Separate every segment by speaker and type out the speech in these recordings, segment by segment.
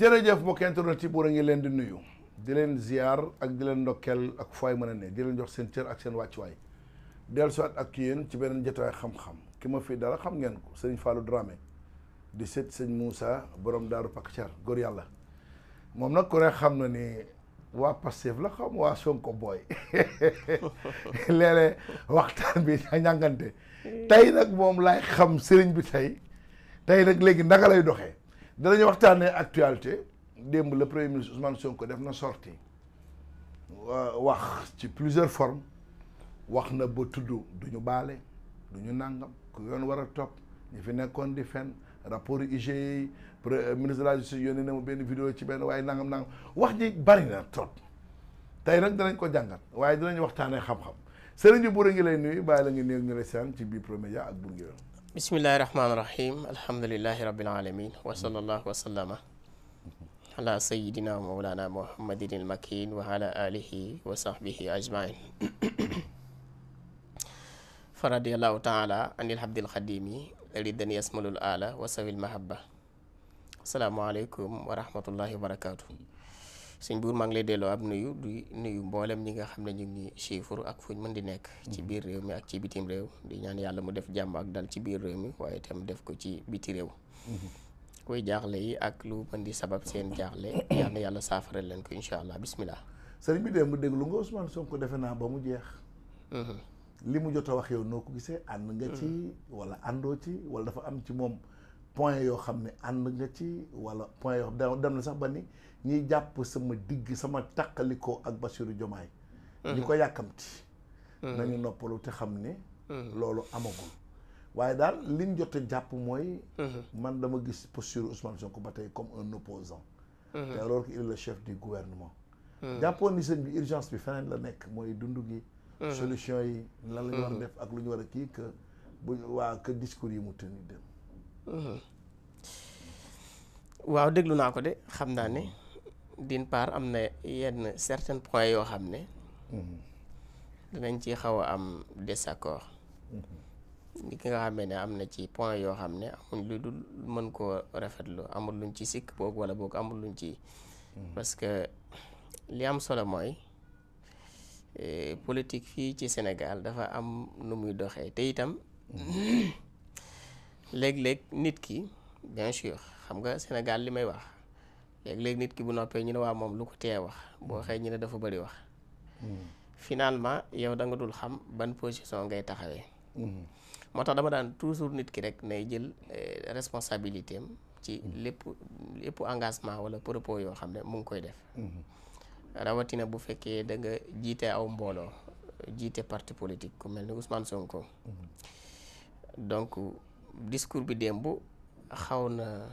Speaker 1: jërëjëf mbokk internet yi buur a ngi leen di nuyu di leen ziar ak di leen ndokkeel ak fooy mën a ne di leen jox seen cër ak seen waay wàccuwaay dellusiwaat ak yéen ci beneen jotaay xam-xam ki ma fii dara xam ngeen ko sëñ Fallou Dramé di sët sëñ Moussa borom daaru Pakchar góor yàlla moom nag ku ne xam na ni waa Pastef la xam waa Sonko booy léeg-léeg waxtaan bi a ñàngante tey nag moom laay xam sëriñ bi tey tey nag léegi naka lay doxee danañu waxtaanee actualité démb la premier ministre Ousmane Sonko def na sorti euh, wax ci plusieurs formes wax na ba tudd du ñu baale du ñu nàngam ku yoon war a topp ñu fi nekkoon di fen rapport IGE euh, ministre de la yoon yónnee na mu benn vidéo ci benn waaye nangam nangam wax ji bari na trop tey nag danañ ko jàngat waaye dinañ waxtaanee xam-xam sëriñ bi buur a ngi lay nuyu bàyyi la ngi néew ñu lay saan ci biir Bprod Media ak Bour Ngueweul
Speaker 2: bismillahi rahmaani rahim alhamdulilahi rabbil alamin wa sallallahu wa sallama ala sayidina wa mawlana muhammadin al makin wa ala alihi wa sahbihi ajmain fa radiallahu taala anil habdil xadimi ridan yasmalul ala wa sawil mahabba asalaamualeykum wa rahmatullahi wa barakatuh sëñ buur maa ngi lay delloo ab nuyu di nuyu mbooleem ñi nga xam ne ñu ngi chiffre ak fuñ mën di nekk ci mm-hmm. biir réew mi ak ci bitim réew di ñaan yàlla mu def jàmm ak dal ci biir réew mi waaye tam def ko ci biti réew mm-hmm. koy jaaxle yi ak lu mën di sabab seen jaaxle yàlla yàlla saafara leen ko incha allah bismillah sëriñ bi
Speaker 1: dee mu déglu nga Ousmane Sonko defe naa ba mu jeex mm-hmm. li mu jot a wax yow noo ko gisee ànd nga ci wala àndoo ci wala dafa am ci moom point yoo xam ne ànd nga wala point yoo xam dem sax ba ñiy jàpp sama digg sama taqalikoo ak Bassirou jomaay ñi mhm. ko yàkkamti mhm. nañu noppalu te xam ne mhm. loolu amagul waaye daal liñ jot jàpp mooy man dama gis posture Ousmane Sonko ba tey comme un opposant te alors qu'il est le chef du gouvernement jàppoon ni sëñ bi urgence bi feneen la nekk mooy dund gi solution yi lan la ñu def ak lu ñu war a kii que
Speaker 2: bu waa que discours yi mu tëni dem waaw déglu naa ko de xam naa ne d'une am na yenn certains points yoo xam ne mhm. dinañ ci xaw a am désaccord li mhm. ki nga xamee ne am na ci point yoo xam ne amul lu dul mën koo rafetlu amul luñ ci sikk boog wala boog amul luñ ci mhm. parce que li am solo mooy eh, politique fii ci Sénégal dafa am nu muy doxee te itam léeg-léeg nit ki bien sûr xam nga Sénégal li may wax léegi nit ki bu noppee ñu ne waa moom lu ko tee wax boo xëy ñu ne dafa bëri wax hmm. finalement yow da nga dul xam ban position ngay taxawee hmm. moo tax dama daan toujours nit ki rek nay jël eh, responsabilité am ci hmm. lépp lépp engagement wala propos yoo xam ne mu ngi koy def rawatina bu fekkee da nga jiite aw mbooloo jiite parti politique ku mel ni Ousmane Sonko donc discours bi démb xaw na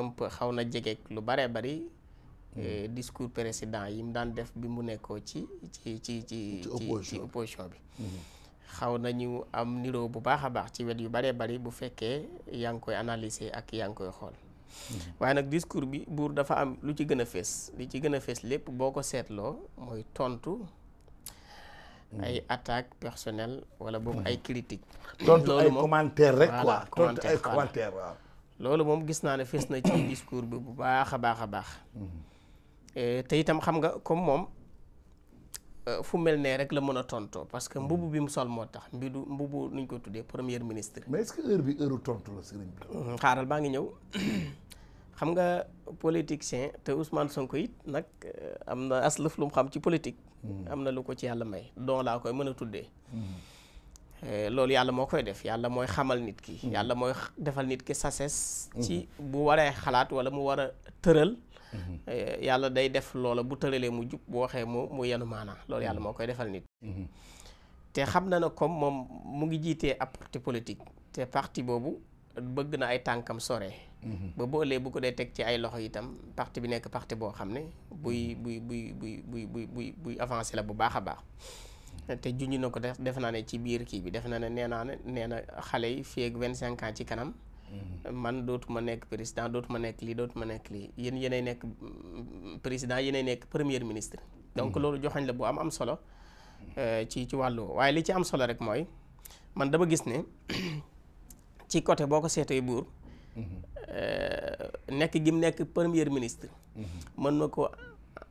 Speaker 2: un xaw na jegeek lu baree bari mm. eh, discours président yi mu daan def bi mu nekkoo ci ci ci ci ci opposition bi mm-hmm. xaw nañu am niroo bu baax a baax ci wet yu baree bari bu fekkee yaa ngi koy analyser ak yaa ngi koy xool mm-hmm. waaye nag discours bi buur dafa am lu ci gën a fees li ci gën a fees lépp boo ko seetloo mooy tontu mm. ay attaque personnelle wala boog mm-hmm. ay critique tontu ay commentaire rek quoi commentaire waaw loolu moom gis naa ne fees na ci discours bi bu baax a baax a baax eh, te itam xam nga comme moom euh, fu mel nee rek la mën a tontoo parce que mbubu bi mu sol moo tax mbidu mbubu nuñ ko tuddee premier ministre mais que heure bi
Speaker 1: heure tontu la sëriñ
Speaker 2: bi hmm, xaaral baa ngi ñëw xam nga politicien te Ousmane Sonko it nag euh, am na aslëf lu mu xam ci politique hmm. am na lu ko ci yàlla may doo laa koy mën a tuddee hmm. Eh, loolu yàlla moo koy def yàlla mooy xamal nit ki mm-hmm. yàlla mooy defal nit ki sases mm-hmm. ci bu waree xalaat wala mu war a tëral mm-hmm. eh, yàlla day def loola bu tëralee mu jub bu waxee mu mu yenu maanaa loolu yàlla moo koy defal nit te xam na ne comme moom mu ngi jiitee ab parti politique te parti boobu bëgg na ay tànkam sore ba boolee bu ko dee teg ci ay loxo itam parti bi nekk parti boo xam ne buy buy buy buy buy buy buy avancé la bu baax a baax te junj na ko def defe naa ne ci biir kii bi def na ne nee naa ne nee xale yi fii ak vingt cinq ans ci kanam. Mhm. man dootu ma nekk président dootuma nekk lii dootuma nekk lii yéen yéenay nekk mm, président yéenay nekk premier ministre. donc mhm. loolu joxañ la bu am am solo euh, ci ci wàllu waaye li ci am solo rek mooy man dama gis ne ci côté boo ko seetee buur mhm. euh, nekk gi mu nekk premier ministre. mën na ko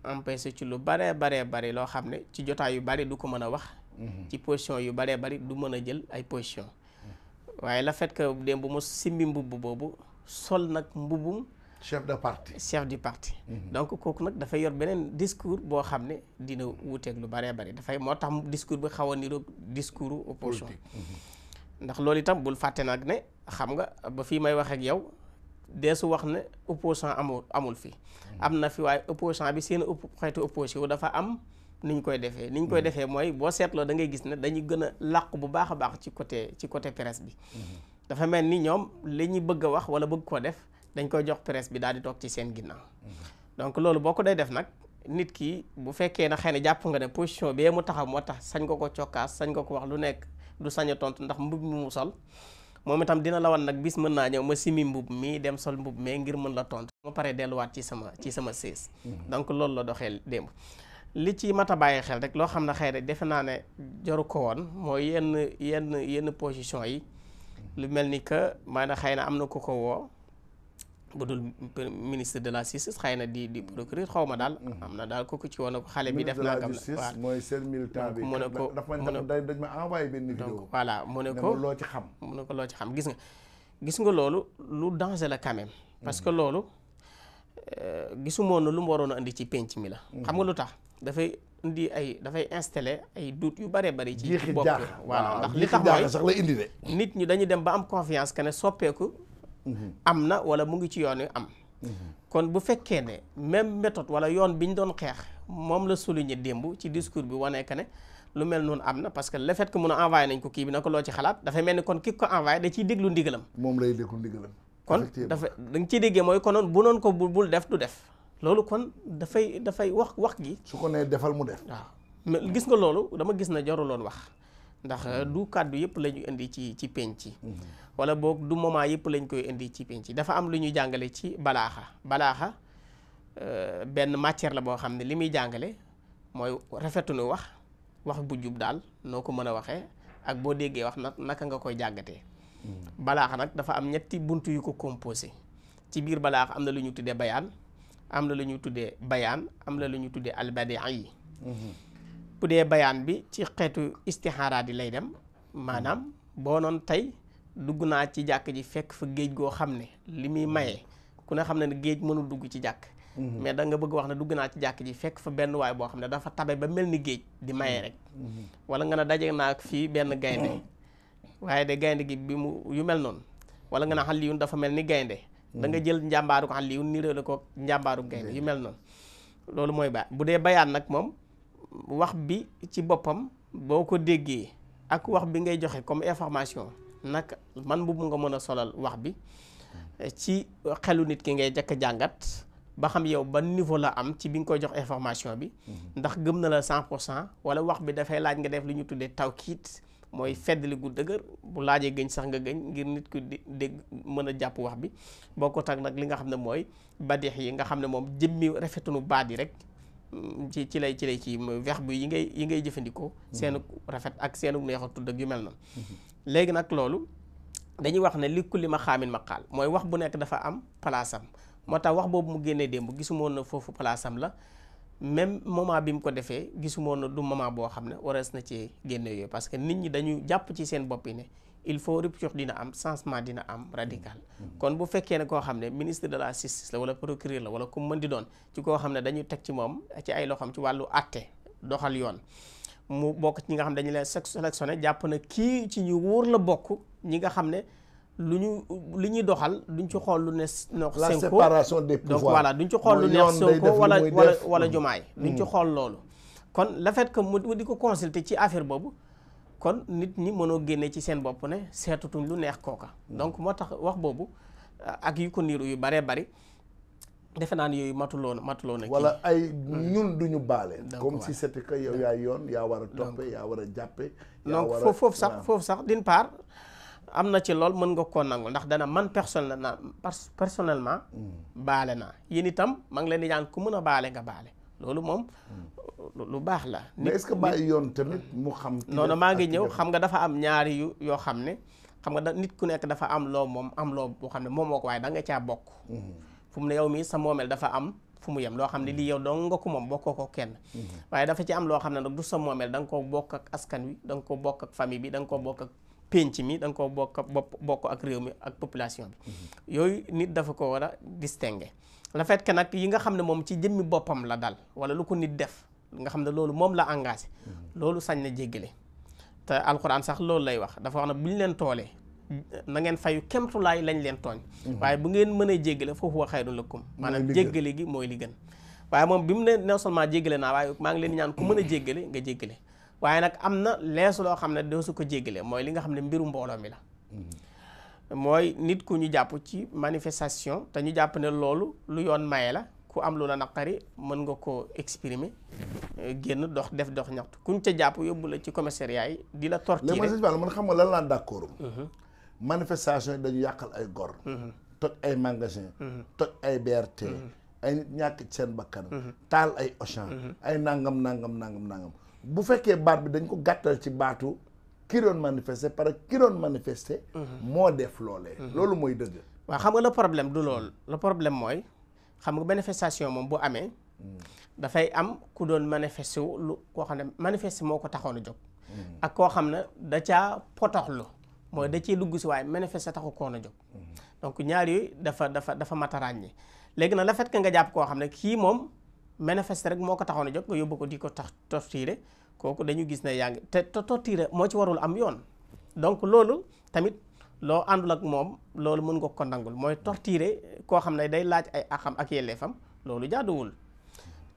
Speaker 2: empêché ci lu baree baree bari loo xam ne ci jotaay yu bari du ko mën a wax mhm. ci position yu baree bari du mën a jël ay position waaye la fait que démb bu ma simbi mbubb boobu sol nag mbubbum chef de parti chef du parti mhm. donc kooku nag dafay yor beneen discours boo xam ne dina wuuteeg lu baree bari dafay moo tax discours bi xaw a niroog discours opposition mhm. ndax loolu itam bul fàtte nag ne xam nga ba fii may wax yow deesu wax ne opposant amul amul fi hmm. am na fi waaye opposant bi seen xeetu opposé wu dafa am ni ñu koy defee ni ñu koy hmm. defee mooy boo seetloo da ngay gis ne dañuy gën a làqu bu baax a baax ci côté ci côté presse bi hmm. dafa mel ni ñoom li ñu bëgg a wax wala bëgg koo def dañ koy jox presse bi daal di toog ci seen ginnaaw donc loolu boo ko dee def nag nit ki bu fekkee na xëy na jàpp nga ne position bee mu taxaw moo tax sañ nga ko cokkaas sañ nga ko wax lu nekk du sañ tontu ndax mbub mu mu sol moom itam dina la wan nag bis mën naa ñëw ma simmi mbub mi dem sol mbub mais ngir mën la tontu ma pare delluwaat ci sama ci sama sées mm-hmm. donc loolu la doxee démb li ci mat a bàyyi xel rek loo xam ne xëy na defe naa ne joru ko woon mooy yenn yenn yenn position yi mm-hmm. lu mel ni que maanaam xëy na am na ku ko woo bu dul ministre de la justice xëy na di di procureur xaw ma daal. xam mhm. na daal kooku ci woon ko xale bi def naa. kam la waaw
Speaker 1: mooy seen militant bi. mu ne ko dafa dañ ma envoyé benn vidéo. donc
Speaker 2: voilà mu ne ko loo ci xam. mu ne ko loo ci xam gis nga gis nga loolu lu danger la quand même. parce que mhm. loolu euh, gisumoon na lu mu waroon a indi ci penc mi la. Mhm. xam nga lu tax dafay. indi ay dafay installé ay doute yu bare bari ci bopp voilà ndax li tax mooy sax la indi de nit ñi dañu dem ba am confiance que ne soppeeku Mm-hmm. am na wala mu ngi ci yoon yu am mm-hmm. kon bu fekkee ne même méthode wala yoon bi ñu doon xeex moom la souligné démb ci discours bi wane que ne lu mel noonu am na parce que le mun a envoyé nañ ko kii bi na ko loo ci xalaat dafay mel ni kon ki ko envoyé da ciy déglu moom lay déglu ndigalam kon dafa da nga déggee mooy konoon bu noonu ko bu bul def du def loolu kon dafay dafay wax wax gi su ko nee defal mu def waaw mais gis nga loolu dama gis na jaruloon wax ndax du kàddu yëpp la ñu indi ci ci penc yi mm-hmm. wala boog du moment yëpp lañ koy indi ci penc dafa am lu ñuy jàngale ci balaaxa balaaxa euh, benn matière la boo xam ne li muy jàngale mooy rafetu nu wax wax bu jub daal noo ko mën a waxee ak boo déggee wax nag naka nga koy jàngatee. Hmm. balaaxa nag dafa am ñetti bunt yu ko composé ci biir balaaxa am na lu ñu tuddee bayaan am na lu ñu tuddee bayaan am na lu ñu tuddee albadi yi. Hmm. bu dee bayaan bi ci xeetu istixaaraat lay dem maanaam hmm. boo noon tey. dugg naa ci jàkk ji fekk fa géej goo xam ne li muy maye ku ne xam ne ne géej mënul dugg ci jàkk mhm. mais da nga bëgg wax ne dugg naa ci jàkk ji fekk fa benn waay boo xam ne dafa tabe ba mel ni géej di maye rek mhm. wala nga ne daje naa fii benn gaynde waaye de gaynde gi bi mu yu mel noonu wala nga ne xal liyun dafa mel ni gaynde mhm. da nga jël njàmbaaru xal liyun niréele ko njàmbaaru gaynde yu mel noonu loolu mooy ba bu dee bayaan nag moom wax bi ci boppam boo ko déggee ak wax bi ngay joxe comme information naka man bu mu nga mën a solal wax bi eh, ci xelu nit ki ngay jëkk jàngat ba xam yow ban niveau la am ci bi nga koy jox information bi mhm. ndax gëm na la cent pour cent wala wax bi dafay laaj nga def li ñu tuddee taw kiit mooy mhm. feddali gu dëgër bu laajee gëñ sax nga gëñ ngir nit ki dégg mën a jàpp wax bi boo ko tag nag li nga xam ne mooy badix yi nga xam ne moom jëmmi rafetunu baat yi rek mm, ci ci lay ci lay ci verbe yi ngay yi ngay jëfandikoo mhm. seenu rafet ak seenu neexatul ak yu mel léegi nag loolu dañuy wax ne li kulli ma xaamin ma xaal mooy wax bu nekk dafa am palaasam moo tax wax boobu mu génnee démb gisumoon na foofu palaasam la même moment bi mu ko defee gisumoon na du moment boo xam ne warees na ci génne parce que nit ñi dañu jàpp ci seen bopp yi ne il faut rupture dina am changement dina am radical kon bu fekkee ne koo xam ne ministre de la justice la wala procureur la wala ku mën di doon ci koo xam ne dañu teg ci moom ci ay loxoom ci wàllu àtte doxal yoon mu bokk ci ñi nga xam ne dañu leen sélectionné jàpp na kii ci ñu wóor la bokk ñi nga xam ne lu ñu li ñuy doxal duñ ci xool lu ne nox la séparation des pouvoirs donc voilà duñ ci xool lu neex Sonko wala wala wala Diomaye mm. duñ ci xool loolu kon le fait que mu di ko consulter ci affaire boobu kon nit ñi mënoo génne ci seen bopp ne seetatuñ lu neex kooka mm. donc moo tax wax boobu ak yu ko niiru yu baree bari defe naa ne yooyu matuloon matuloo na wala
Speaker 1: ay hmm. ñun duñu baale comme si c'était que yow yaay yoon yaa war a toppe yaa war a jàppe donc foofu foofu sax
Speaker 2: foofu sax d'une part am na ci lool mën nga koo nangu ndax dana man personnel na personnellement hmm. baale naa yéen itam maa ngi leen di ñaan ku mën a baale nga baale loolu moom hmm. lu baax la mais ce
Speaker 1: que yoon tamit mu xam
Speaker 2: noonu maa ngi ñëw xam nga dafa am ñaari yoo xam ne xam nga da nit ku nekk dafa am loo moom am loo boo xam ne moom moo ko waaye da nga caa bokk fu mu ne yow mii sa moomeel dafa am fu mu yem loo xam ne lii yow dong nga ko moom bokkoo ko kenn mm-hmm. waaye dafa ci am loo xam ne nag du sa moomeel da nga ko bokk ak askan wi da ko bokk ak famille bi da ko bokk ak pénc mi danga nga ko bokk bopp bokk ak réew mi ak population bi mm-hmm. yooyu nit dafa ko war a distinguer le fait que nag yi nga xam ne moom ci jëmmi boppam la dal wala lu ko nit def nga xam ne loolu moom la engagé mm-hmm. loolu sañ na jéggale te alxuraan sax loolu lay wax da leen toolee na ngeen fayu kemtulaay lañ leen tooñ mhm. waaye bu ngeen mën mënee jéggale foofu wa xayrun lakum maanaam jéggale gi mooy li gën moom bi mu ne non seulement jéggale naa waaye maa ngi leen ñaan ku mën a jéggale nga jéggale waaye nag am na leesu loo xam ne doo su ko jéggale mooy li nga xam ne mbiru mbooloo mi la
Speaker 1: mhm.
Speaker 2: mooy nit ku ñu jàpp ci manifestation te ñu jàpp ne loolu lu yoon maye la ku am lu la naqari mën nga koo exprimer mhm. eh, génn dox def dox ñaxtu kuñ ca jàpp yóbbu la ci commissariat yi di la torturer
Speaker 1: mais xam nga lan laa d'accord manifestation yi dañu yàqal ay gor mm-hmm. toj ay magasin mm-hmm. toj ay BRT mm-hmm. ay nit ñàkk ci seen bakkan taal ay Auchan ay nangam nangam nangam nangam bu fekkee baat bi dañ ko gàttal ci baatu ki doon manifester parce que ki
Speaker 2: doon manifester moo def loole loolu mooy dëgg waa xam nga la problème du loolu le problème mooy xam nga manifestation moom bu amee mm. dafay am ku doon manifester wu lu koo xam ne manifester moo ko taxoon a jóg mm. ak koo xam ne da caa potoxlu mooy da ciy dugg si waaye manifester taxu koon a jóg donc ñaar yooyu dafa dafa dafa mat a ràññee léegi nag la fait que nga jàpp koo xam ne kii moom manifester rek moo ko taxoon a jóg nga yóbbu ko di ko tax torturer kooku dañu gis ne yaa ngi te torturer moo ci warul am yoon donc loolu tamit loo àndul ak moom loolu mën nga ko nangul mooy torturer koo xam ne day laaj ay axam ak fam loolu jaaduwul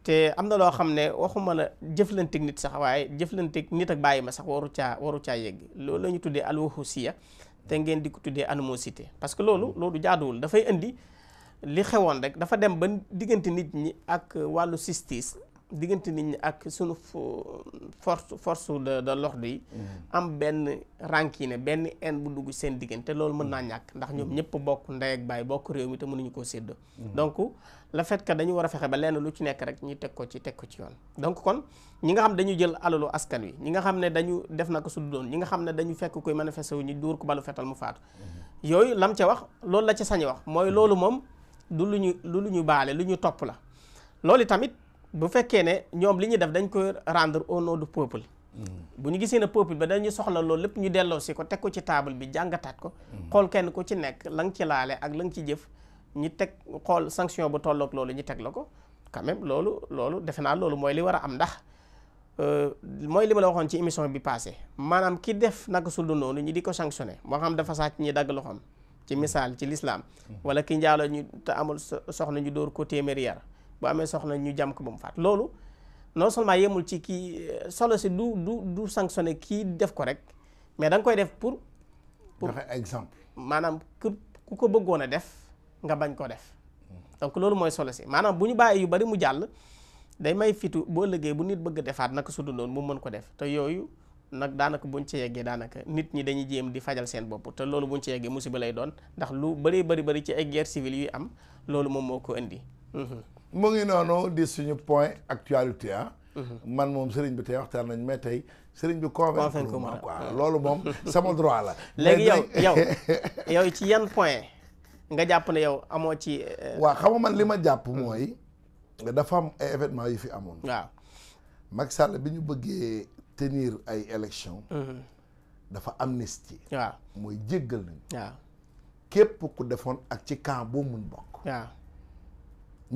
Speaker 2: te am na loo xam ne waxuma la jëflanteeg nit sax waaye jëflanteeg nit ak bàyyi ma sax waru caa waru caa yegg loolu la ñu tuddee alwahusiya te ngeen di ko tuddee animosité parce que loolu loolu jaaduwul dafay indi li xewoon rek dafa dem ba diggante nit ñi ak wàllu justice diggante nit ñi ak sunu force force de de l'ordre yi. Mm-hmm. am benn rancune benn haine bu dugg seen diggante loolu mën naa mm-hmm. ñàkk ndax ñoom ñëpp bokk ndey ak baay bokk réew mi te mënuñu koo séddoo. Mm-hmm. donc le fait que dañu war a fexe ba lenn lu ci nekk rek ñu teg ko ci teg ci yoon. donc kon ñi nga xam dañu jël alalu askan wi ñi nga xam ne dañu def na ko su doon ñi nga xam ne dañu fekk koy manifester wu ñu duur ko balu fetal mu faatu. yooyu lam ca wax loolu la ca sañ wax mooy loolu moom du lu ñu du lu ñu baale lu ñu topp la loolu tamit. bu fekkee ne ñoom li ñuy def dañ ko rendre au nom du peuple mm. bu ñu gisee ne peuple ba dañu soxla loolu lépp ñu delloo si ko teg ko ci taabal bi jàngataat ko mm. xool kenn ku ci nekk la nga ci laale ak la nga ci jëf ñi teg xool sanction bu tolloog loolu ñu teg la ko quand même loolu loolu defe naa loolu mooy li war a am ndax euh, mooy li ma la waxoon ci émission bi passé maanaam ki def naka sul du noonu ñi di ko sanctionné moo xam dafa sàcc ñi dagg loxoom ci misaal ci lislaam mm. wala ki njaalo ñu te amul soxna ñu dóor ko téeméeri yar bu amee soxna ñu jàmm ko ba mu faat loolu non seulement yemul ci kii euh, solo si du du du sanctionné kii def ko rek mais da koy def pour. pour joxe exemple. maanaam ku ku ko bëggoon a def nga bañ ko def donc loolu mooy solo si maanaam bu ñu bàyyi yu bari mu jàll day may fitu boo liggéey bu nit bëgg defaat naka su dundoon mu mën ko def te yooyu. nag daanaka buñ ci yeggee daanaka nit ñi dañuy jéem di fajal seen bopp te loolu buñ ci yeggee musiba lay doon ndax lu bari bari bari ci ay guerre yuy am loolu moom moo ko indi
Speaker 1: mu ngi noonu di suñu point actualité ah. Mm-hmm. man moom sëriñ bi tey waxtaan nañ mais tey sëriñ bi convaincre ma quoi ah. loolu moom sama droit la. léegi yow yow
Speaker 2: yow ci yan point nga jàpp ne yow amoo ci. Euh, waaw xam
Speaker 1: man li ma mm. jàpp mooy. dafa am ay événements yu fi amoon. waaw Macky Sall bi ñu bëggee teniir ay élections. Mm-hmm. dafa amnistie. waaw mooy jéggal nañu. képp ku defoon ak ci camp boo mun bokk.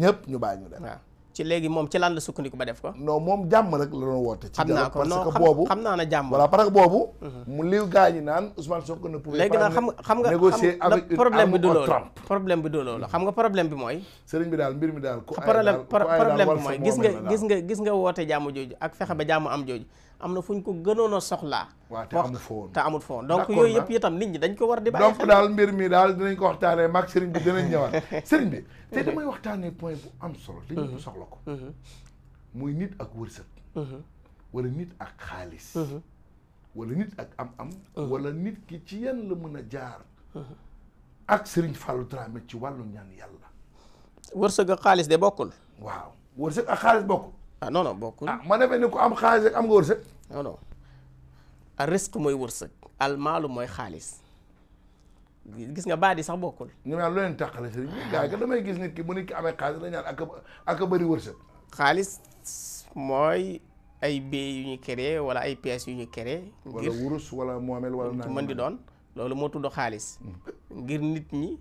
Speaker 2: ñëpp ñu bàyyi ñu dem waaw ci léegi moom ci lan la sukkandiku ba def ko non moom jàmm rek la doon woote ci dialogue parce que boobu xam naa na jàmm voilà parce que boobu mhm. mu liw gaa naan Ousmane
Speaker 1: Sonko ne pouvait léegi xam nga xam nga négocier avec une arme au Trump
Speaker 2: problème bi du loolu xam nga problème bi mooy sëriñ bi daal mbir mi daal ko ay daal problème bi mooy gis nga gis nga gis nga woote jàmm jooju ak fexe ba jàmm am jooju am na fu ñu ko gënoon a soxlaa. waaw te amul foon te amul foon donc yooyu yëpp itam nit ñi dañ ko war di bàyyi donc
Speaker 1: daal mbir mi daal dinañ ko waxtaanee mag sëriñ bi dinañ ñëwaat sëriñ bi te damay waxtaanee point bu am solo li ñu mhm. soxla ko mhm. muy nit ak wërsëg mhm. wala nit ak xaalis walla nit ak am-am wala nit ki ci yan la mën a jaar ak sëriñ fàllu Dramé ci wàllu ñaan yàlla
Speaker 2: wërsëg ak xaalis de bokkul waaw xaalis bokkul ah non non bokkul ah ma defee ni ku am xaalis rek am nga wërsëg. non risque mooy wërsëg. al maalu mooy xaalis. gis nga baat di sax bokkul. ñu naan lu leen damay gis nit ki bu nit ki amee xaalis la ñaan ak ak a bëri wërsëg. xaalis mooy ay bee yu ñu créé wala ay pees yu ñu kere wala wurus wala moomeel wala. naan mën di doon loolu moo tudd xaalis. ngir nit ñi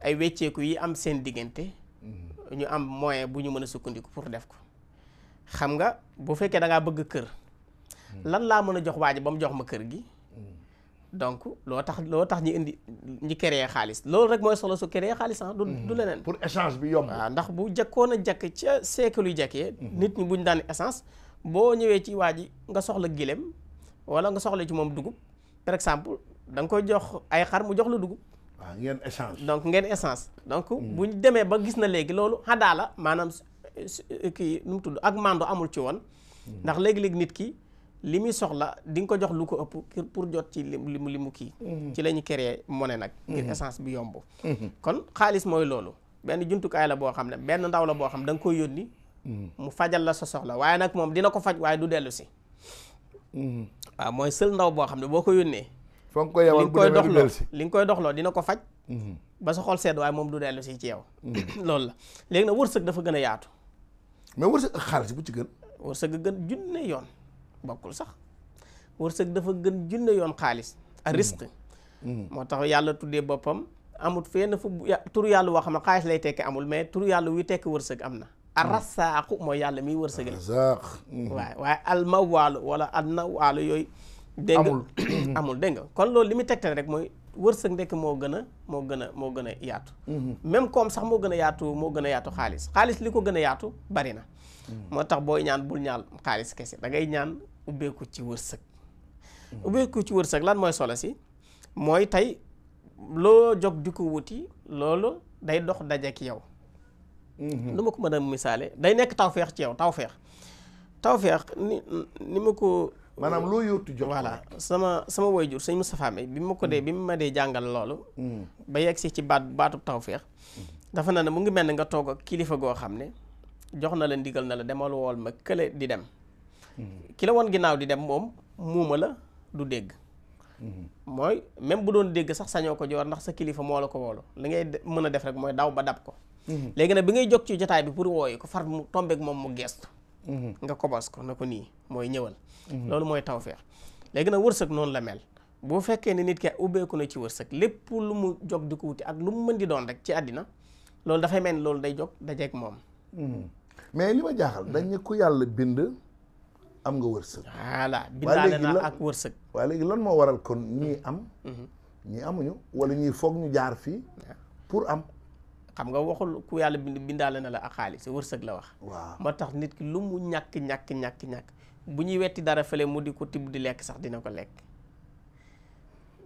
Speaker 2: ay wecceeku yi am seen diggante. Mm-hmm. ñu am moyen bu ñu mën a sukkandiku pour def ko. xam nga bu fekkee da ngaa bëgg kër lan laa mën a jox waa ba mu jox ma kër gi donc loo tax loo tax ñu indi ñi créer xaalis loolu rek mooy soxla su créer xaalis ah, du du leneen. pour échange bi yomb. waaw ndax bu jëkkoon a jëkk ca siècle yu mhm. nit ñi bu ñu daan essence boo ñëwee ci waa ji nga soxla gileem wala nga soxla ci moom dugub par exemple danga nga koy jox ay xar mu jox la dugub. waaw ngeen échange. donc ngeen échange. donc mhm. bu ñu demee ba gis na léegi loolu xadaa la kii nu mu tudd ak mando amul ci woon hmm. ndax léegi-léegi nit ki li muy soxla di nga ko jox lu ko ëpp pour jot ci li mu li mu kii hmm. ci lañu ñu créé ne nag ngir hmm. essence bi yomb kon xaalis mooy loolu benn juntukaay la boo xam ne benn ndaw la boo xam ne danga koy yónni mu fajal la sa soxla waaye nag moom dina ko faj waaye du dellu si waaw mooy sël ndaw boo xam ne boo ko yónnee foo nga koy yawal bu demee li nga koy doxloo dina ko faj ba sa xol sedd waaye moom du dellu si ci yow loolu la léegi nag wërsëg dafa gën a yaatu mais wërsëg ak xaalis bu ci gën. wërsëg gën junne yoon bokkul sax wërsëg dafa gën junne yoon xaalis. ak risque. Mm-hmm. Mm-hmm. moo tax yàlla tuddee boppam amul fenn fu turu yàlla woo xam ne xaalis lay tekki amul mais turu yàlla wuy tekki wërsëg am na. a mm-hmm. arasaaku mooy yàlla miy wërsëg
Speaker 1: arzaq. waaye
Speaker 2: waaye almawaalu wala annawaalu yooyu. dégg nga amul dégg nga kon loolu li muy tegtal rek mooy wërsëg ndekk moo gën a moo gën a moo gën a yaatu mhm. même koom sax moo gën a yaatu moo gën a yaatu xaalis xaalis li ko gën a yaatu bari na mhm. moo tax boo ñaan bul ñaal xaalis kese da ngay ñaan ubbeeku ci wërsëg mhm. ubbeeku ci wërsëg lan mooy solo si mooy tey loo jóg di ko wuti loolu day dox dajeek yow nu ma ko mën a misaale day nekk tawfeex ci yow tawfeex tawfeex ni ni ma ko maanaam loo yóotu jox voilà sama sama waajur sëñ Moustapha Mbaye bi ma ko dee mm. bi ma dee jàngal loolu mm. ba yegg si ci baat baatu tawféex mm. dafa na ne mu ngi mel ne nga toog ak kilifa goo xam ne jox na la ndigal na la demal wool ma kële di dem ki la woon ginnaaw di dem moom muuma la du dégg mooy même bu doon dégg sax sañoo ko joor ndax sa kilifa moo la ko woolu li ngay mën a def rek mooy daw ba dab ko mm-hmm. léegi nag bi ngay jóg ci jotaay bi pour wooyu ko far mu tombeek moom mu geestu mm-hmm. nga kobos ko na ko nii mooy ñëwal loolu mooy tawféex léegi nag wërsëg noonu la mel boo fekkee ne nit ki ubbeeku na ci wërsëg lépp lu mu jog di ko wuti ak lu mu mën di doon rek ci àddina loolu dafay mel ni loolu day jog dajeeg moom.
Speaker 1: Hmm. mais li ma jaaxal dañ ne ku yàlla bind am nga wërsëg.
Speaker 2: voilà bindaale ak
Speaker 1: wërsëg. waaye léegi lan moo waral kon ñii am. Hmm. ñii amuñu wala ñuy foog ñu jaar fii pour am.
Speaker 2: xam nga waxul ku yàlla bind bindaale na la ak xaalis wërsëg la wax. waaw moo tax nit ki lu mu ñàkk ñàkk ñàkk ñàkk. bu ñuy wetti dara fële mu di ko tibb di lekk sax dina ko lekk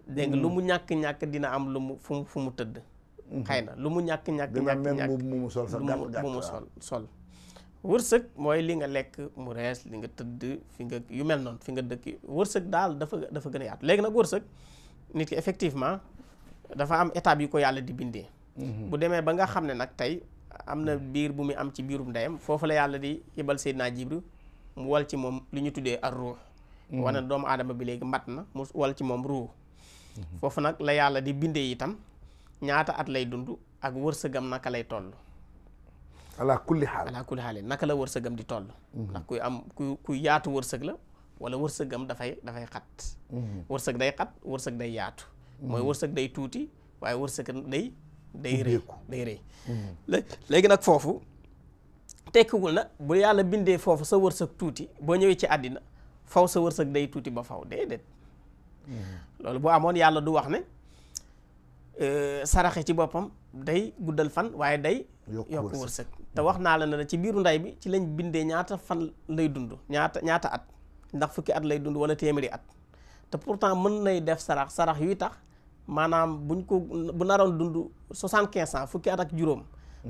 Speaker 2: dégg nga lu mu mm. ñàkk-ñàkk dina am lu mu fu mu fu mu tëdd mm-hmm. xëy na lu mu ñàkk-ñàkk ñàkk mu mu sol bu mu sol sol wërsëg mooy li nga lekk mu rees li nga tëdd fi nga yu mel noonu fi nga dëkk wërsëg daal dafa dafa gën a yaatu léegi nag wërsëg nit ki effectivement dafa am étape yi ko yàlla di bindee mm-hmm. bu demee ba nga xam ne nag tey am na biir bu muy am ci biirum ndeyam foofu la yàlla di yebal Seydina Jibril mu wal ci moom lu ñu tuddee ar ruux mm-hmm. wane doomu aadama bi léegi mat na mu wal ci moom ruux mm-hmm. foofu nag la yàlla di bindee itam ñaata at lay dund ak wërsëgam naka lay toll ala kulli xaal naka la wërsëgam di toll mm-hmm. ndax kuy am ku kuy yaatu wërsëg la wala wërsëgam dafay dafay xat wërsëg day xat wërsëg day yaatu mooy wërsëg day tuuti waaye wërsëg day day day rëy léegi nag foofu tekkiwul na bu yàlla bindee foofu sa wërsëg tuuti boo ñëwee ci àddina faw sa wërsëg day tuuti ba faw déedéet mm-hmm. loolu boo amoon yàlla du wax ne euh, saraxe ci boppam day guddal fan waaye day yokk wërsëg te wax naa la ne ci biiru ndey bi ci lañ bindee ñaata fan lay dund ñaata ñaata at ndax fukki at lay dund wala téeméeri at te pourtant mën nay def sarax sarax yuy tax maanaam buñ ko bu naroon dund soixante quinze ans fukki at ak juróom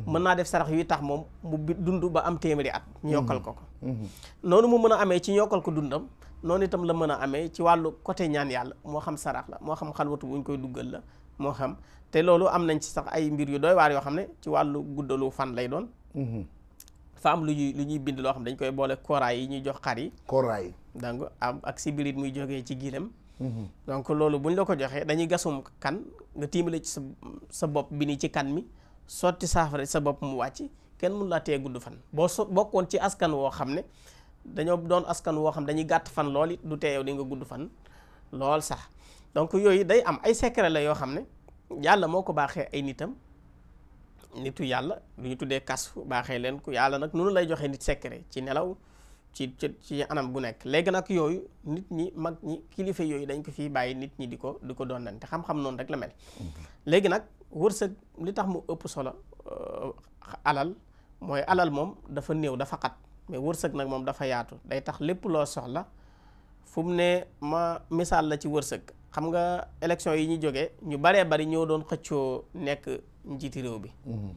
Speaker 2: mën naa def sarax yuy tax moom mu dund ba am téeméeri at ñu yokkal ko ko
Speaker 1: mm-hmm. Mm-hmm.
Speaker 2: noonu mu mën a amee ci yokkal ko dundam noonu itam la mën a amee ci wàllu côté ñaan yàlla moo xam sarax la moo xam xalwatu buñ koy duggal la moo xam te loolu am nañ ci sax ay mbir yu doy waar yoo xam ne ci wàllu guddalu fan lay doon mm-hmm. dafa am lu ñuy lu ñuy bind loo xam dañ koy boole koraay yi ñuy jox xar yi koraay yi donc am ak sibirit muy jógee ci gileem donc loolu buñ la ko joxee dañuy gasum kan nga tiimale ci sa sa bopp bi ni ci kan mi sotti saafara sa bopp mu wàcc kenn mun laa tee gudd fan boo so bokkoon ci askan woo xam ne dañoo doon askan woo xam dañuy gàtt fan lool it du di nga gudd fan lool sax donc yooyu day am ay secret la yoo xam ne yàlla moo ko baaxee ay nitam nitu yàlla lu ñu tuddee kasfu baaxee leen ku yàlla nag noonu lay joxe nit secret ci nelaw ci ci anam bu nekk léegi nag yooyu nit ñi mag ñi kilifa yooyu dañ ko fiy bàyyi nit ñi di ko di ko doon nante xam-xam noonu rek la mel mhm. léegi nag wërsëg li tax mu ëpp solo euh, alal mooy alal moom dafa néew dafa xat mais wërsëg nag moom dafa yaatu day tax lépp loo soxla fu mu ne ma misaal la ci wërsëg xam nga élection yi ñu jóge ñu baree bari ñoo doon xëccoo nekk njiiti réew bi mhm.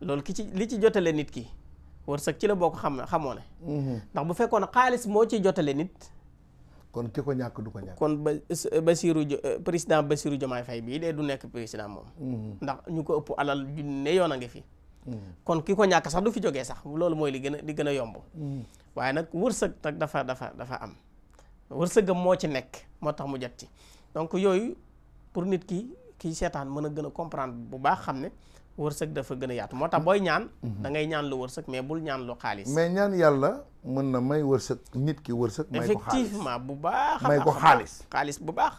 Speaker 2: loolu ki ci li ci jotale nit ki wërsëg ci la boo ko xam xamoo ne mhm. ndax bu fekkoon xaalis moo ci jotale nit
Speaker 1: kon ki ko ñàkk du ko ñàkk.
Speaker 2: kon ba Bassirou eh, président Bassirou Diomaye fay bii dee du nekk président moom. Mm-hmm. ndax ñu ko ëpp alal junne yoon a ngi fi. Mm-hmm. kon ki ko ñàkk sax du fi jógee sax loolu mooy li gën a li gën a yomb. Mm-hmm. waaye nag wërsëg nag dafa dafa dafa am wërsëgam moo ci nekk moo tax mu jot ci donc yooyu pour nit ki kii seetaan mën a gën a comprendre bu baax xam ne. wërsëg dafa gën a yaatu moo tax booy ñaan mhm. da ngay ñaan lu wërsëg mais bul ñaan lu xaalis mais
Speaker 1: ñaan yàlla mën na may wërsëg nit ki wërsëg may ko xaalis
Speaker 2: bu baax may ko xaalis xaalis bu baax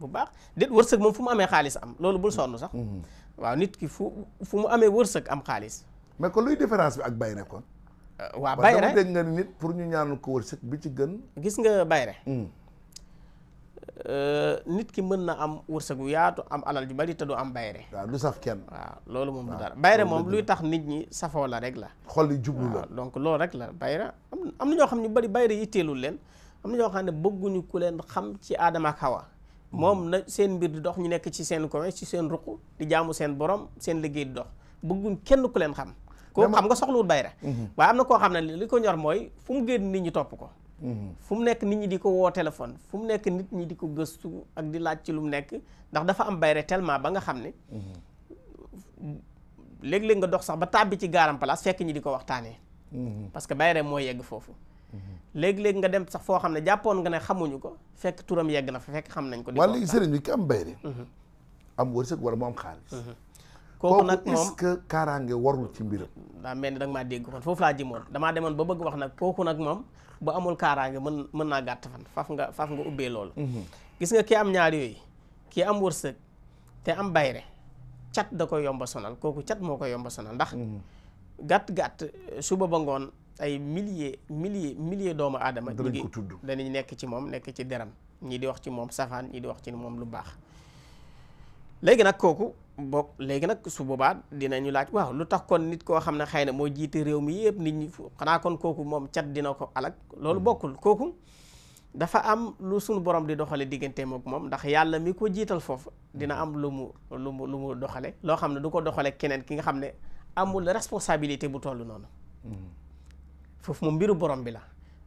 Speaker 2: bu baax déet wërsëg moom fu mu amee xaalis am loolu bul sonn sax mhm. waaw nit ki fu fu mu amee wërsëg am xaalis mais kon luy différence bi ak bayre kon euh, waaw bayre dégg
Speaker 1: nga nit pour ñu ñaanal ko wërsëg bu ci gën
Speaker 2: gis nga bayre mm. Euh, nit ki mën na am wërsëg wu yaatu am alal ju bari te du am bayre lu du saf kenn waaw loolu moom du dara bayre moom luy tax nit ñi safoo la rek la xol yi jublu la donc loolu rek la bayre am am na ñoo xam ne bari yi teelul leen am na ñoo xam ne bëgguñu ku leen xam ci aadama ak Hawa moom hmm. na seen mbir di dox ñu nekk ci seen coin ci seen ruq di jaamu seen borom seen liggéey di dox bëgguñ kenn ku leen xam ko xam nga soxlawul bayre hmm. waaye am na koo xam ne li ko ñor mooy fu mu génn nit ñi topp ko fu mu nekk nit ñi di ko woo téléphone fu mu nekk nit ñi di ko gëstu ak di laaj ci lu mu nekk ndax dafa am bayre tellement ba nga xam ne léeg-léeg nga dox sax ba tàbbi ci gaaram place fekk ñi di ko waxtaanee mhm. parce que bayre moo yegg foofu mhm. léegi-léegi nga dem sax foo xam ne jàppoon nga ne xamuñu ko fekk turam yegg na fa fekk xam nañ ko di ko waxtaan wala léegi sëriñ bi
Speaker 1: ki am bayre mhm. am wërsëg wala mu am xaalis
Speaker 2: kooku nag moom
Speaker 1: est warul ci mbiram
Speaker 2: daa mel ni da maa dégg kon foofu laa ji moon damaa demoon ba bëgg wax nag kooku nag moom bu amul kaaraange mën mën naa gàtt fan faf nga faaf nga ubbee loolu mhm. gis nga kii am ñaar yooyu kii am wërsëg te am bayre cat da koy yomba sonal kooku cat moo koy yomba sonal ndax gàtt-gàtt mhm. suba ba ngoon ay milliers millier milliers doomu aadama ñu ngi dañuy nekk ci moom nekk ci deram ñi di wax ci moom safaan ñii di wax ci moom lu baax léegi nag kooku bokk léegi nag su dina ñu laaj waaw lu tax kon nit koo xam ne xëy na moo jiite réew mi yëpp nit ñi xanaa kon kooku moom cat dina ko alak loolu mm. bokkul kooku dafa am lu sunu borom di doxale digganteem ak moom ndax yàlla mi ko jiital foofu dina am lu mu lu mu lu mu doxale loo xam ne du ko doxale keneen ki nga xam ne amul responsabilité bu toll noonu mm. mbiru borom bi la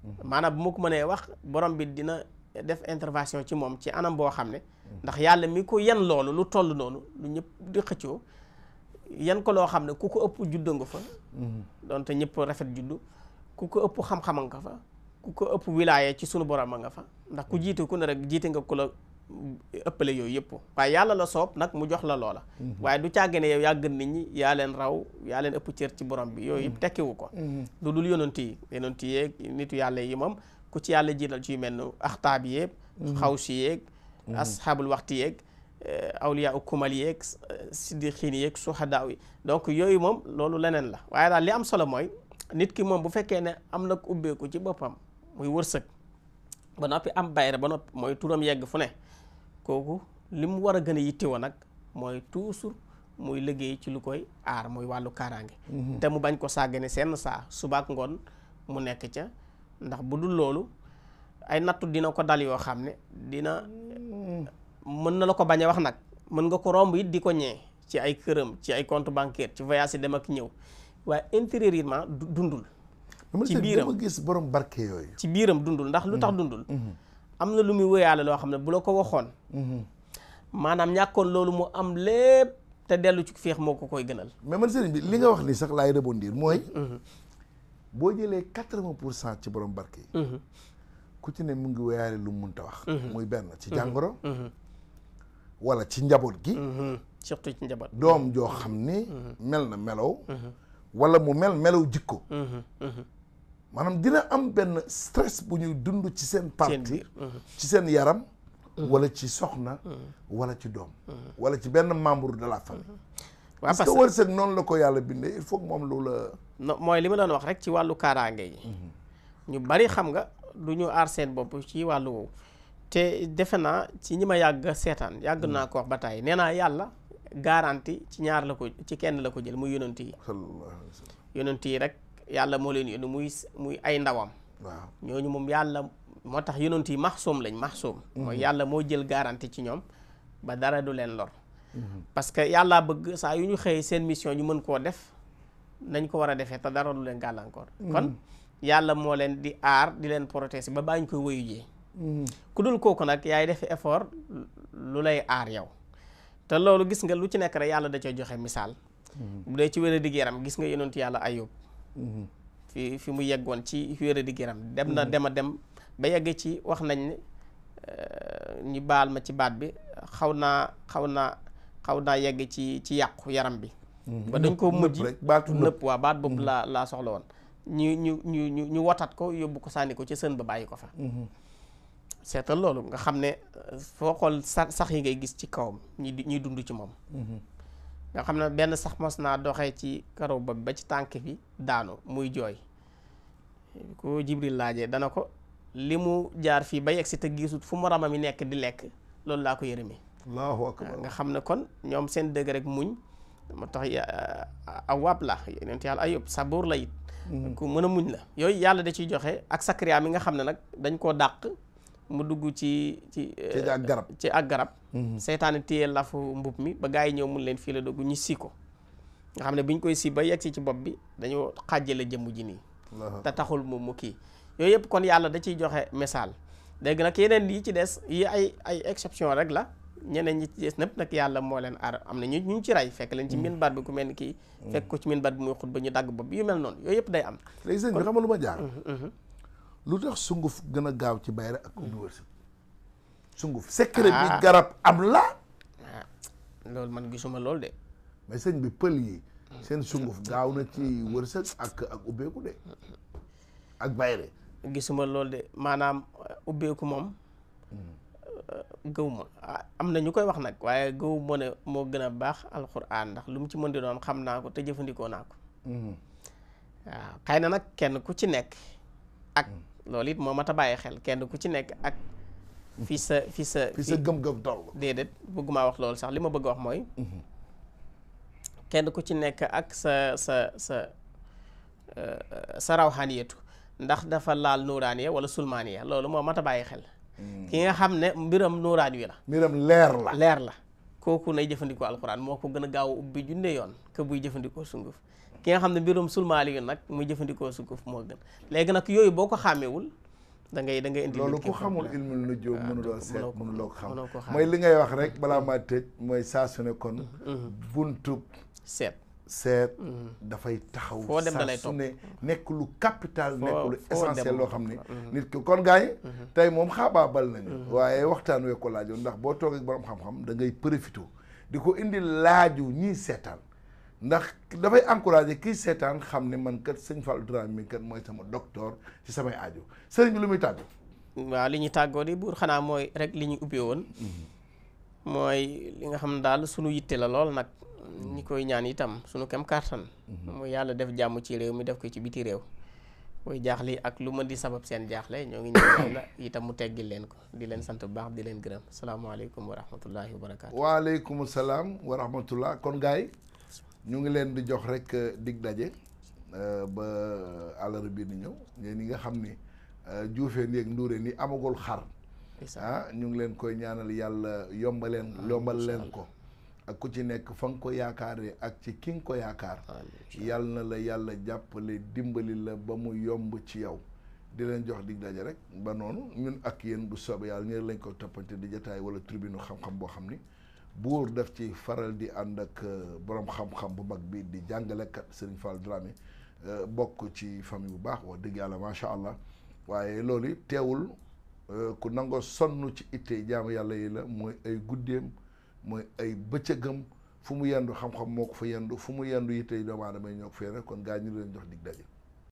Speaker 2: mm. maanaam bu ma ko wax borom bi dina def intervention ci moom ci anam boo xam ne ndax yàlla mi ko yan loolu lu toll noonu lu ñëpp di xëccoo yan ko loo xam ne ku ko ëpp judda nga fa donte ñëpp rafet juddu ku ko ëpp xam-xam nga fa ku ko ëpp wilaya ci sunu borom a nga fa ndax ku jiite ku ne rek jiite nga ku la ëppale yooyu yëpp waaye yàlla la soob nag mu jox la loola waaye du càgge ne yow yaa gën nit ñi yaa leen raw yaa leen ëpp cër ci borom bi yooyu yëpp tekkiwu ko mm-hmm. lu dul yonent yi yonent ku ci yàlla jiital ci yu mel ne axtaab yeeg mhm. xawsi yeeg mhm. asxaabul waxti yeeg eh, awliya u kumal yeeg siddiqiin yeeg suhadaaw yi donc yooyu moom loolu leneen la waaye daal li am solo mooy nit ki moom bu fekkee ne am na ubbeeku ci boppam muy wërsëg ba noppi am bayre ba noppi mooy turam yegg fu ne kooku li mu war a gën a yittewoo nag mooy toujours muy liggéey ci lu koy aar muy wàllu kaaraange mhm. te mu bañ ko sàggane seen saa subaak ngoon mu nekk ca ndax bu dul loolu ay nattu dina ko dal yoo xam ne dina mën na la ko bañ a wax nag mën nga ko romb it di ko ñee ci ay këram ci ay compte bancaire ci voyage dem ak ñëw waaye intérieurement dundul ci biiram gis
Speaker 1: borom barke yooyu
Speaker 2: ci biiram dundul ndax lu tax mm-hmm. dundul mm-hmm. am na lu muy wéyaale loo xam ne bu la ko waxoon mm-hmm. maanaam ñàkkoon loolu mu am lépp te dellu ci féex moo ko koy gënal
Speaker 1: mais man sëriñ bi li nga wax ni sax laay rebondir mooy boo jëlee quatre-vingt pour cent ci borom barke yi mhm. ku ci ne mu ngi weyaale lu mu wax mhm. muy benn ci mhm. jàngoro wala ci njaboot gi surtout doom joo xam ni mel na melow wala mu mel melow jikko maanaam dina am benn stress bu ñuy dund ci seen parti ci seen yaram wala ci soxna wala ci
Speaker 2: doom wala ci benn membre de la famille parce que wërsëg noonu
Speaker 1: la ko yàlla bindee il faut moom
Speaker 2: lu la. mooy li ma doon wax rek ci wàllu kaaraange yi. Mm-hmm. ñu bari xam nga du ñu aar seen bopp ci wàllu woowu. te defe naa ci ñi ma yàgg seetaan yàgg mm-hmm. naa ko wax ba tàyyi nee naa yàlla garanti ci ñaar la ko ci kenn la ko jël muy yonent yi. yonent yi rek yàlla moo leen yónni muy muy ay ndawam. waaw ñooñu moom yàlla moo tax yonent yi maxsoom lañ maxsoom. Mm-hmm. mooy yàlla moo jël garanti ci ñoom ba dara du leen lor. parce que yàllaa bëgg saa yu ñu xëyee seen mission ñu mën koo def nañ ko war a defee te dara du leen gàllankoor. Mm-hmm. kon yàlla moo leen di aar di leen protéger ba baa ñu koy wëyu jee mm-hmm. ku dul kooku nag yaay def effort lu lay aar yow. te loolu gis nga lu ci nekk rek yàlla da ca joxe misaal. Mm-hmm. bu dee ci wér dig yaram gis nga ti yàlla ayub. fi fi mu yeggoon ci wér dig yaram dem na dem a dem ba yegg ci wax nañ ni euh, baal ma ci baat bi xaw naa xaw naa. xaw naa yegg ci ci yàqu yaram bi.
Speaker 1: Mhm. ba dañ ko mujj
Speaker 2: baatu nëpp waa baat boobu mhm. laa laa soxla woon. ñu ñu ñu ñu ñu watat ko yóbbu ko sànni ko ci sën ba bàyyi ko fa. Mhm. seetal loolu nga xam ne euh, foo xool sax yi ngay gis ci kawam ñi ñuy dund ci moom. nga xam ne benn sax mos naa doxee ci karaw ba ba ci tànk bi daanu muy jooy. ko Jibril laajee dana ko li mu jaar fii ba yegg si te gisut fu mu ramam nekk di lekk loolu laa ko yërëmee. allahu nga xam ne kon ñoom seen dëgg rek muñ moo tax awaab la yonent yàlla ayub sabuur la it mm. ku mën a muñ la yooyu yàlla da ciy joxe ak sakariyaa mi nga xam ne nag dañ koo dàq mu dugg ci ci eh, garab ci ak garab mm-hmm. seytaane téye lafu mbub mi ba gaa yi ñëw mu leen fii la dugg ñu si ko nga xam ne bu ñu koy si ba yegg ci bopp bi dañoo xàjjale jëmm ji nii te taxul moom mu kii yooyu yëpp kon yàlla da ciy joxe misaal dégg nag yeneen yi ci des yi ay ay exception rek la ñeneen ñi ci des nëpp yàlla moo leen aar am na ñu ñu ci rey fekk leen ci mm. minbar bi ku mel ni kii mm. fekk ko ci minbar bi muy xutba ñu dagg bopp yu mel noonu yooyu yëpp day am léegi sëñ bi xam lu mm-hmm,
Speaker 1: mm-hmm. lu tax sunguf gën a gaaw ci bayra ak mm. université sunguf ah. garab am la
Speaker 2: ah, loolu man gisuma loolu de
Speaker 1: mais sëñ bi pël yi seen sunguf gaaw na ci
Speaker 2: mm-hmm. wërsëg ak ak ubbeeku de ak bayre gisuma loolu de maanaam uh, ubbeeku moom gëw ma ah, am na ñu koy wax nag waaye gëw moo ne moo gën a baax alxuraan ndax lu mu ci mën di doon xam naa ko te jëfandikoo naa ko waaw mm-hmm. ah, xëy na nag kenn ku ci nekk ak mm. loolu it moo mat a bàyyi xel kenn ku ci nekk ak fi sa fi sa sa gëm-gëm toll déedéet bëggumaa wax loolu sax li ma bëgg wax mooy mm-hmm. kenn ku ci nekk ak sa sa sa euh, sa rawxaaniyatu ndax dafa laal nuuraaniya wala sulmaaniya loolu moo mat a bàyyi xel Mm. ki nga xam ne mbiram nuuraan wi la mbiram leer la leer la kooku nay jëfandikoo alxuraan moo ko gën a gaaw ubbi junne yoon que buy jëfandikoo sunguf ki nga xam ne mbirum sulmaali yu nag muy jëfandikoo sunguf moo gën léegi nag yooyu boo ko xàmmewul da ngay da ngay indi loolu ku xamul
Speaker 1: ilmul nujum ah, mënuloo seet mënuloo ko xam mooy li ngay wax rek mm-hmm. balaa maa tëj mooy saa su ne kon mm-hmm. buntub seet seet mm. dafay taxaw saa su ne nekk lu capital nekk lu essentiel loo xam ne mm-hmm. nit ki kon gars yi mm-hmm. tey moom xaabaabal nañu mm-hmm. waaye waxtaan wee ko laajo ndax boo toogee boroom xam-xam da ngay profité di ko indi laaju ñiy seetaan ndax dafay encouragé kii seetaan xam ne man kat sëñ Fallou Dramé mi kat mooy sama docteur ci samay aajo sëriñ bi lu muy tàggu
Speaker 2: waaw li ñuy tàggoo di buur xanaa mooy rek li ñuy ubbee woon mooy li nga xam ne daal sunu yitte la lool nag ñi koy ñaan itam sunu kem kàttan mhm. mu yàlla def jàmm ci réew mi def ko ci biti réew muy jaaxle ak lu mën di sabab seen jaaxle ñoo ngi ñaan mu teggil leen ko di leen sant bu di leen gërëm salaamaaleykum wa rahmatullahi wa barakaatu
Speaker 1: waaleykum salaam wa kon gaay ñu ngi leen di jox rek euh, dig daje euh, ba àllarba bii di ñëw ñeen nga xam ni euh, juufeen yeeg nduure yi amagul xar ah ñu ngi leen koy ñaanal yàlla yombaleen ah, yombal leen ko ak ku ci nekk fa nga ko yaakaaree ak ci ki nga ko yaakaar yàll na la yàlla jàppale dimbali la ba mu yomb ci yow di leen jox dig daje rek ba noonu ñun ak yéen bu soobee yàlla ñëri lañ ko toppante di jataay wala tribune xam-xam boo xam ni buur def ci faral di ànd ak euh, borom xam-xam bu mag bi di jàngalekat Serigne Fall Dramé euh, bokk ci famille bu baax wax dëgg yàlla macha allah waaye loolu teewul euh, ku nangoo sonn ci ittee jaamu yàlla yi la mooy ay guddeem mooy ay bëccëgam fu mu yendu xam-xam moo ko fa yendu fu mu yendu yittey doomu aadama yi ñoo ko fa yendu kon gaa ñu leen jox dig daje